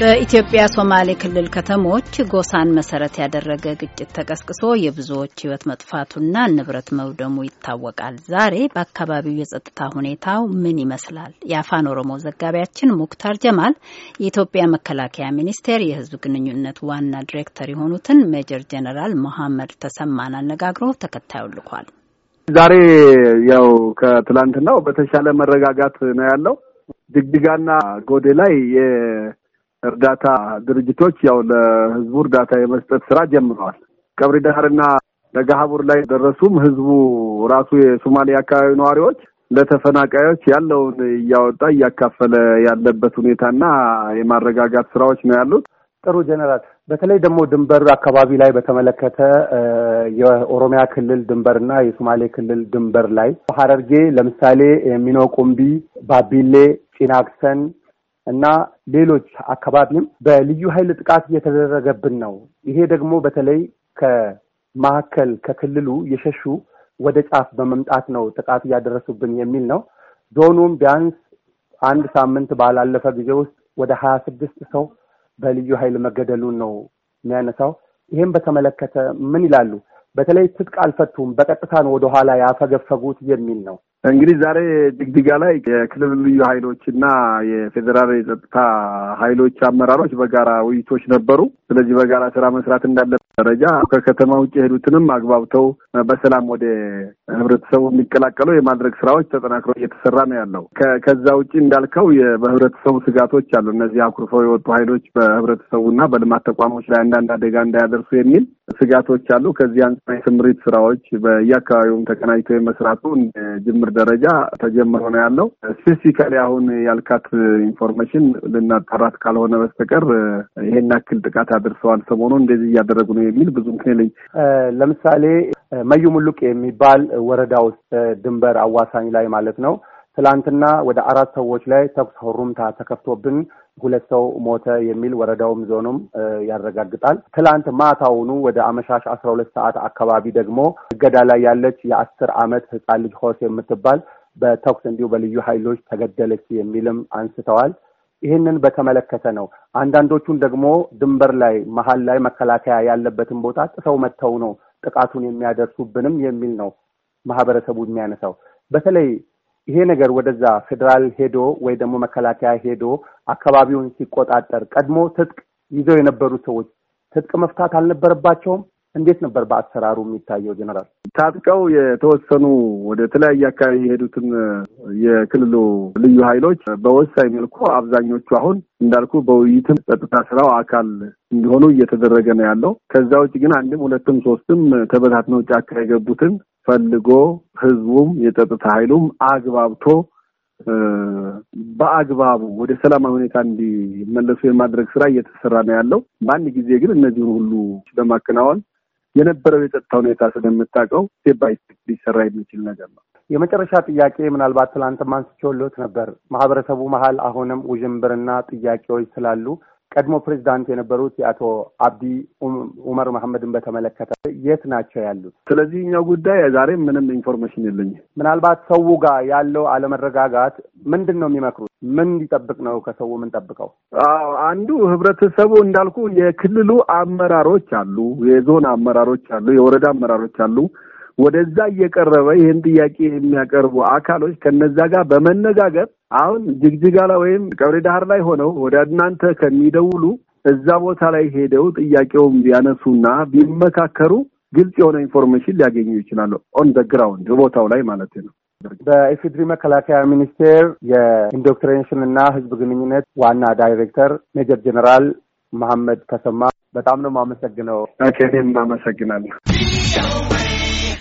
በኢትዮጵያ ሶማሌ ክልል ከተሞች ጎሳን መሰረት ያደረገ ግጭት ተቀስቅሶ የብዙዎች ሕይወት መጥፋቱና ንብረት መውደሙ ይታወቃል። ዛሬ በአካባቢው የጸጥታ ሁኔታው ምን ይመስላል? የአፋን ኦሮሞ ዘጋቢያችን ሙክታር ጀማል የኢትዮጵያ መከላከያ ሚኒስቴር የሕዝብ ግንኙነት ዋና ዲሬክተር የሆኑትን ሜጀር ጀነራል መሐመድ ተሰማን አነጋግሮ ተከታዩን ልኳል። ዛሬ ያው ከትላንትናው በተሻለ መረጋጋት ነው ያለው። ድግድጋና ጎዴ ላይ የእርዳታ ድርጅቶች ያው ለህዝቡ እርዳታ የመስጠት ስራ ጀምረዋል። ቀብሪ ዳህርና ለጋሀቡር ላይ ደረሱም ህዝቡ ራሱ የሶማሌ አካባቢ ነዋሪዎች ለተፈናቃዮች ያለውን እያወጣ እያካፈለ ያለበት ሁኔታና የማረጋጋት ስራዎች ነው ያሉት። ጥሩ ጀነራል፣ በተለይ ደግሞ ድንበር አካባቢ ላይ በተመለከተ የኦሮሚያ ክልል ድንበር እና የሶማሌ ክልል ድንበር ላይ ሀረርጌ ለምሳሌ ሚኖ ቁምቢ፣ ባቢሌ፣ ጪናክሰን እና ሌሎች አካባቢም በልዩ ኃይል ጥቃት እየተደረገብን ነው። ይሄ ደግሞ በተለይ ከማዕከል ከክልሉ የሸሹ ወደ ጫፍ በመምጣት ነው ጥቃት እያደረሱብን የሚል ነው። ዞኑም ቢያንስ አንድ ሳምንት ባላለፈ ጊዜ ውስጥ ወደ ሀያ ስድስት ሰው በልዩ ኃይል መገደሉን ነው የሚያነሳው። ይህም በተመለከተ ምን ይላሉ? በተለይ ትጥቅ አልፈቱም፣ በቀጥታ ነው ወደኋላ ያፈገፈጉት የሚል ነው። እንግዲህ ዛሬ ድግድጋ ላይ የክልል ልዩ ኃይሎች እና የፌዴራል የጸጥታ ኃይሎች አመራሮች በጋራ ውይይቶች ነበሩ። ስለዚህ በጋራ ስራ መስራት እንዳለ ደረጃ ከከተማ ውጭ የሄዱትንም አግባብተው በሰላም ወደ ህብረተሰቡ የሚቀላቀሉ የማድረግ ስራዎች ተጠናክሮ እየተሰራ ነው ያለው። ከዛ ውጭ እንዳልከው በህብረተሰቡ ስጋቶች አሉ። እነዚህ አኩርፈው የወጡ ኃይሎች በህብረተሰቡና በልማት ተቋሞች ላይ አንዳንድ አደጋ እንዳያደርሱ የሚል ስጋቶች አሉ። ከዚህ አንጻር የስምሪት ስራዎች በየአካባቢውም ተቀናጅተው የመስራቱ ጅምር ደረጃ ተጀምሮ ነው ያለው። ስፔሲካሊ አሁን ያልካት ኢንፎርሜሽን ልናጣራት ካልሆነ በስተቀር ይሄን ያክል ጥቃት አድርሰዋል፣ ሰሞኑን እንደዚህ እያደረጉ ነው የሚል ብዙ ምክንያት የለኝም። ለምሳሌ መዩ ሙሉቅ የሚባል ወረዳ ውስጥ ድንበር አዋሳኝ ላይ ማለት ነው ትላንትና ወደ አራት ሰዎች ላይ ተኩስ ሁሩምታ ተከፍቶብን ሁለት ሰው ሞተ የሚል ወረዳውም ዞኑም ያረጋግጣል። ትላንት ማታውኑ ወደ አመሻሽ አስራ ሁለት ሰዓት አካባቢ ደግሞ እገዳ ላይ ያለች የአስር አመት ህፃን ልጅ ሆስ የምትባል በተኩስ እንዲሁ በልዩ ኃይሎች ተገደለች የሚልም አንስተዋል። ይህንን በተመለከተ ነው። አንዳንዶቹን ደግሞ ድንበር ላይ መሀል ላይ መከላከያ ያለበትን ቦታ ጥሰው መጥተው ነው ጥቃቱን የሚያደርሱብንም የሚል ነው ማህበረሰቡ የሚያነሳው በተለይ ይሄ ነገር ወደዛ ፌዴራል ሄዶ ወይ ደግሞ መከላከያ ሄዶ አካባቢውን ሲቆጣጠር ቀድሞ ትጥቅ ይዘው የነበሩ ሰዎች ትጥቅ መፍታት አልነበረባቸውም? እንዴት ነበር በአሰራሩ የሚታየው? ጀነራል ታጥቀው የተወሰኑ ወደ ተለያየ አካባቢ የሄዱትን የክልሉ ልዩ ኃይሎች በወሳኝ መልኩ አብዛኞቹ አሁን እንዳልኩ በውይይትም ጸጥታ ስራው አካል እንዲሆኑ እየተደረገ ነው ያለው። ከዛ ውጭ ግን አንድም ሁለትም ሶስትም ተበታትነው ጫካ የገቡትን ፈልጎ ህዝቡም የጸጥታ ኃይሉም አግባብቶ በአግባቡ ወደ ሰላማዊ ሁኔታ እንዲመለሱ የማድረግ ስራ እየተሰራ ነው ያለው። በአንድ ጊዜ ግን እነዚህን ሁሉ በማከናወን የነበረው የጸጥታ ሁኔታ ስለምታውቀው ባይ ሊሰራ የሚችል ነገር ነው። የመጨረሻ ጥያቄ ምናልባት ትላንትም አንስቼልዎት ነበር። ማህበረሰቡ መሀል አሁንም ውዥንብርና ጥያቄዎች ስላሉ ቀድሞ ፕሬዚዳንት የነበሩት የአቶ አብዲ ኡመር መሐመድን በተመለከተ የት ናቸው ያሉት? ስለዚህኛው ጉዳይ ዛሬ ምንም ኢንፎርሜሽን የለኝ ምናልባት ሰው ጋር ያለው አለመረጋጋት ምንድን ነው የሚመክሩት? ምን ሊጠብቅ ነው ከሰው ምን አዎ አንዱ ህብረተሰቡ እንዳልኩ የክልሉ አመራሮች አሉ፣ የዞን አመራሮች አሉ፣ የወረዳ አመራሮች አሉ ወደዛ እየቀረበ ይህን ጥያቄ የሚያቀርቡ አካሎች ከነዛ ጋር በመነጋገር አሁን ጅግጅጋ ላይ ወይም ቀብሬ ዳህር ላይ ሆነው ወደ እናንተ ከሚደውሉ እዛ ቦታ ላይ ሄደው ጥያቄውን ቢያነሱና ቢመካከሩ ግልጽ የሆነ ኢንፎርሜሽን ሊያገኙ ይችላሉ። ኦን ዘ ግራውንድ ቦታው ላይ ማለት ነው። በኢፌድሪ መከላከያ ሚኒስቴር የኢንዶክትሪኔሽን እና ህዝብ ግንኙነት ዋና ዳይሬክተር ሜጀር ጀኔራል መሐመድ ከሰማ በጣም ነው የማመሰግነው። እኔም አመሰግናለሁ።